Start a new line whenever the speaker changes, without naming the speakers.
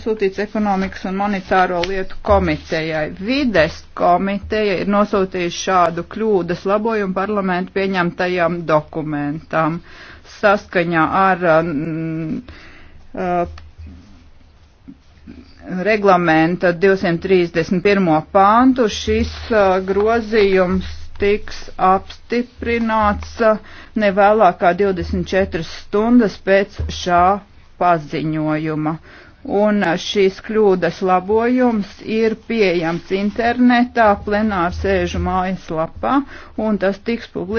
nosūtīts ekonomikas un monetāro lietu komitejai. Vides komiteja ir nosūtījusi šādu kļūdas labojumu parlamentu pieņemtajam dokumentam saskaņā ar mm, uh, reglamenta 231. pāntu šis uh, grozījums tiks apstiprināts uh, nevēlākā 24 stundas pēc šā paziņojuma un šīs kļūdas labojums ir pieejams internetā plenārsēžu mājaslapā, un tas tiks publicēts.